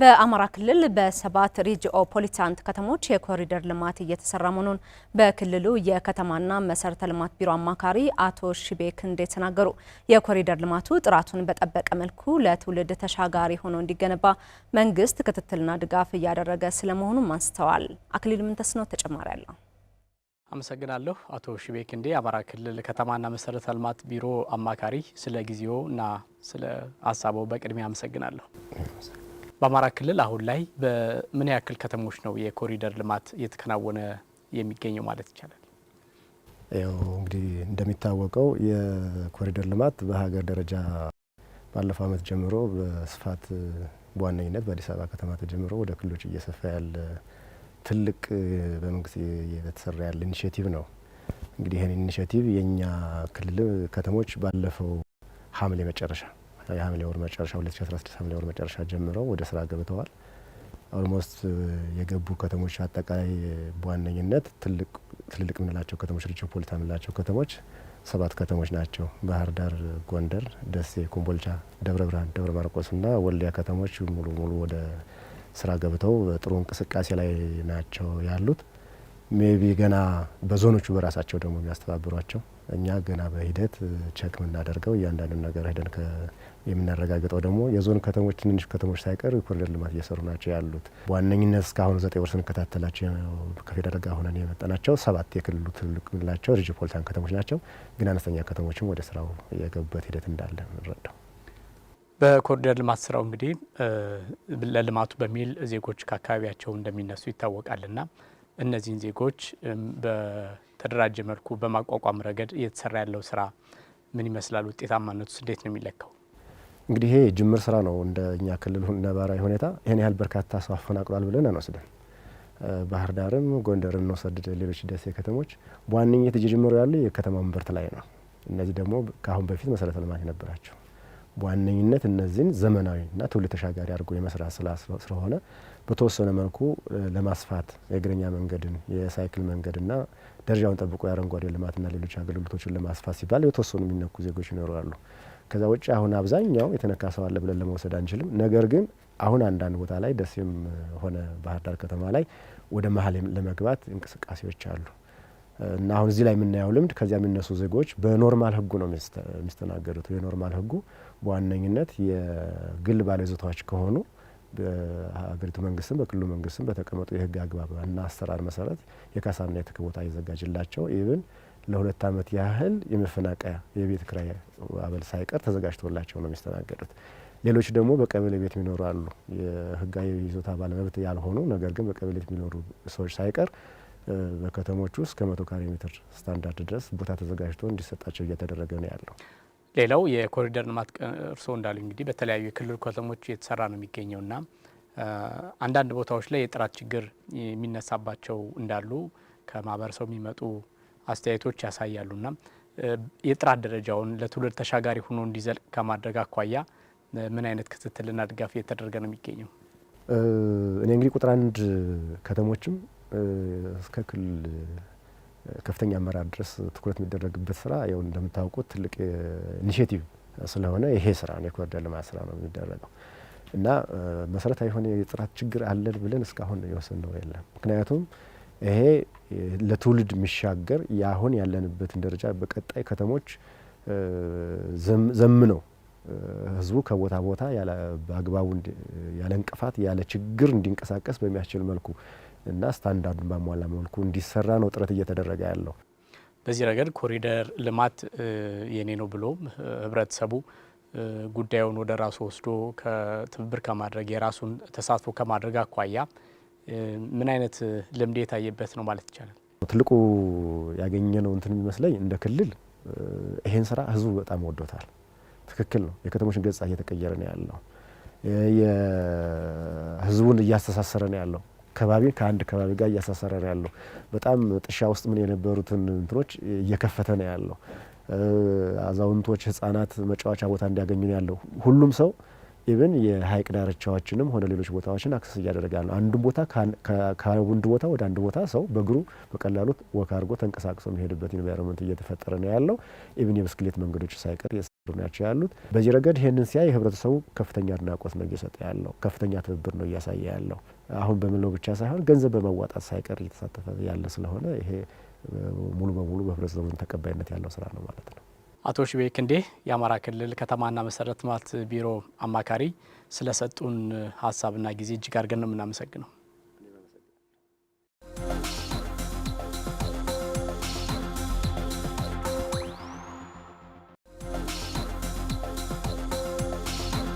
በአማራ ክልል በሰባት ሪጂኦ ፖሊታንት ከተሞች የኮሪደር ልማት እየተሰራ መሆኑን በክልሉ የከተማና መሰረተ ልማት ቢሮ አማካሪ አቶ ሽቤ ክንዴ ተናገሩ። የኮሪደር ልማቱ ጥራቱን በጠበቀ መልኩ ለትውልድ ተሻጋሪ ሆኖ እንዲገነባ መንግስት ክትትልና ድጋፍ እያደረገ ስለመሆኑም አንስተዋል። አክሊል ምንተስኖት ተጨማሪ አለው። አመሰግናለሁ አቶ ሽቤ ክንዴ። አማራ ክልል ከተማና መሰረተ ልማት ቢሮ አማካሪ፣ ስለ ጊዜው እና ስለ ሀሳቦ በቅድሚያ አመሰግናለሁ። በአማራ ክልል አሁን ላይ በምን ያክል ከተሞች ነው የኮሪደር ልማት እየተከናወነ የሚገኘው ማለት ይቻላል? ያው እንግዲህ እንደሚታወቀው የኮሪደር ልማት በሀገር ደረጃ ባለፈው ዓመት ጀምሮ በስፋት በዋነኝነት በአዲስ አበባ ከተማ ተጀምሮ ወደ ክልሎች እየሰፋ ያለ ትልቅ በመንግስት የተሰራ ያለ ኢኒሽቲቭ ነው። እንግዲህ ይህን ኢኒሽቲቭ የእኛ ክልል ከተሞች ባለፈው ሐምሌ መጨረሻ የሐምሌ ወር መጨረሻ 2016 ሐምሌ ወር መጨረሻ ጀምረው ወደ ስራ ገብተዋል። ኦልሞስት የገቡ ከተሞች አጠቃላይ በዋነኝነት ትልልቅ የምንላቸው ከተሞች ሜትሮፖሊታን የምንላቸው ከተሞች ሰባት ከተሞች ናቸው። ባህር ዳር፣ ጎንደር፣ ደሴ፣ ኮምቦልቻ፣ ደብረ ብርሃን፣ ደብረ ማርቆስና ወልዲያ ከተሞች ሙሉ ሙሉ ወደ ስራ ገብተው ጥሩ እንቅስቃሴ ላይ ናቸው ያሉት። ሜቢ ገና በዞኖቹ በራሳቸው ደግሞ የሚያስተባብሯቸው እኛ ገና በሂደት ቸክ የምናደርገው እያንዳንዱ ነገር ሄደን የምናረጋግጠው ደግሞ የዞን ከተሞች ትንንሽ ከተሞች ሳይቀር ኮሪደር ልማት እየሰሩ ናቸው ያሉት። በዋነኝነት እስካሁን ዘጠኝ ወር ስንከታተላቸው ከፌደራል ጋር ሆነን የመጣናቸው ሰባት የክልሉ ትልቅ ምላቸው ሪጅፖልታን ከተሞች ናቸው። ግን አነስተኛ ከተሞችም ወደ ስራው የገቡበት ሂደት እንዳለ እንረዳው። በኮሪደር ልማት ስራው እንግዲህ ለልማቱ በሚል ዜጎች ከአካባቢያቸው እንደሚነሱ ይታወቃልና እነዚህን ዜጎች በተደራጀ መልኩ በማቋቋም ረገድ እየተሰራ ያለው ስራ ምን ይመስላል? ውጤታማነቱስ እንዴት ነው የሚለካው? እንግዲህ ይሄ ጅምር ስራ ነው። እንደ እኛ ክልል ነባራዊ ሁኔታ ይህን ያህል በርካታ ሰው አፈናቅሏል ብለን አንወስድም። ባህር ዳርም ጎንደር እንወሰድ፣ ሌሎች ደሴ ከተሞች በዋነኝነት እየጀመሩ ያሉ የከተማ ንብረት ላይ ነው። እነዚህ ደግሞ ከአሁን በፊት መሰረተ ልማት የነበራቸው በዋነኝነት እነዚህን ዘመናዊና ትውልድ ተሻጋሪ አድርጎ የመስራት ስራ ስለሆነ በተወሰነ መልኩ ለማስፋት የእግረኛ መንገድን የሳይክል መንገድና ደረጃውን ጠብቆ የአረንጓዴ ልማትና ሌሎች አገልግሎቶችን ለማስፋት ሲባል የተወሰኑ የሚነኩ ዜጎች ይኖራሉ። ከዛ ውጭ አሁን አብዛኛው የተነካ ሰው አለ ብለን ለመውሰድ አንችልም። ነገር ግን አሁን አንዳንድ ቦታ ላይ ደሴም ሆነ ባህር ዳር ከተማ ላይ ወደ መሀል ለመግባት እንቅስቃሴዎች አሉ። እና አሁን እዚህ ላይ የምናየው ልምድ ከዚያ የሚነሱ ዜጎች በኖርማል ህጉ ነው የሚስተናገዱት። የኖርማል ህጉ በዋነኝነት የግል ባለይዞታዎች ከሆኑ በሀገሪቱ መንግስትም በክልሉ መንግስትም በተቀመጡ የህግ አግባብ አግባብና አሰራር መሰረት የካሳና የትክ ቦታ ይዘጋጅላቸው ይብን ለሁለት አመት ያህል የመፈናቀያ የቤት ክራይ አበል ሳይቀር ተዘጋጅቶላቸው ነው የሚስተናገዱት። ሌሎች ደግሞ በቀበሌ ቤት የሚኖሩ አሉ። የህጋዊ ይዞታ ባለመብት ያልሆኑ ነገር ግን በቀበሌ ቤት የሚኖሩ ሰዎች ሳይቀር በከተሞች ውስጥ ከመቶ ካሬ ሜትር ስታንዳርድ ድረስ ቦታ ተዘጋጅቶ እንዲሰጣቸው እየተደረገ ነው ያለው። ሌላው የኮሪደር ልማት እርስዎ እንዳሉ እንግዲህ በተለያዩ የክልል ከተሞች እየተሰራ ነው የሚገኘውና አንዳንድ ቦታዎች ላይ የጥራት ችግር የሚነሳባቸው እንዳሉ ከማህበረሰቡ የሚመጡ አስተያየቶች ያሳያሉና የጥራት ደረጃውን ለትውልድ ተሻጋሪ ሆኖ እንዲዘልቅ ከማድረግ አኳያ ምን አይነት ክትትልና ድጋፍ እየተደረገ ነው የሚገኘው? እኔ እንግዲህ ቁጥር አንድ ከተሞችም እስከ ክልል ከፍተኛ አመራር ድረስ ትኩረት የሚደረግበት ስራ ያው እንደምታውቁት ትልቅ ኢኒሽቲቭ ስለሆነ ይሄ ስራ ነው የኮሪደር ልማት ስራ ነው የሚደረገው እና መሰረታዊ የሆነ የጥራት ችግር አለን ብለን እስካሁን የወሰንነው የለም። ምክንያቱም ይሄ ለትውልድ የሚሻገር የአሁን ያለንበትን ደረጃ በቀጣይ ከተሞች ዘምነው ህዝቡ ከቦታ ቦታ በአግባቡ ያለ እንቅፋት ያለ ችግር እንዲንቀሳቀስ በሚያስችል መልኩ እና ስታንዳርዱን ባሟላ መልኩ እንዲሰራ ነው ጥረት እየተደረገ ያለው። በዚህ ረገድ ኮሪደር ልማት የኔ ነው ብሎም ህብረተሰቡ ጉዳዩን ወደ ራሱ ወስዶ ከትብብር ከማድረግ የራሱን ተሳትፎ ከማድረግ አኳያ ምን አይነት ልምድ የታየበት ነው ማለት ይቻላል? ትልቁ ያገኘነው እንትን የሚመስለኝ እንደ ክልል ይሄን ስራ ህዝቡ በጣም ወዶታል። ትክክል ነው። የከተሞችን ገጽታ እየተቀየረ ነው ያለው። ህዝቡን እያስተሳሰረ ነው ያለው። ከባቢ ከአንድ ከባቢ ጋር ነው ያለው በጣም ጥሻ ውስጥ ምን የነበሩትን እንትኖች እየከፈተ ነው ያለው። አዛውንቶች፣ ህጻናት መጫወቻ ቦታ እንዲያገኙ ነው ያለው ሁሉም ሰው ኢብን የሀይቅ ዳርቻዎችንም ሆነ ሌሎች ቦታዎችን አክሰስ እያደረጋል ነው። አንዱ ቦታ ከአንዱ ቦታ ወደ አንድ ቦታ ሰው በእግሩ በቀላሉ ወካ አድርጎ ተንቀሳቅሶ የሚሄድበት ኢንቫይሮንመንት እየተፈጠረ ነው ያለው። ኢብን የብስክሌት መንገዶች ሳይቀር እየሰሩ ናቸው ያሉት። በዚህ ረገድ ይህንን ሲያይ ህብረተሰቡ ከፍተኛ አድናቆት ነው እየሰጠ ያለው፣ ከፍተኛ ትብብር ነው እያሳየ ያለው። አሁን በምለው ብቻ ሳይሆን ገንዘብ በማዋጣት ሳይቀር እየተሳተፈ ያለ ስለሆነ ይሄ ሙሉ በሙሉ በህብረተሰቡ ተቀባይነት ያለው ስራ ነው ማለት ነው። አቶ ሽቤ ክንዴ የአማራ ክልል ከተማና መሰረተ ልማት ቢሮ አማካሪ ስለሰጡን ሀሳብና ጊዜ እጅግ አድርገን ነው የምናመሰግነው።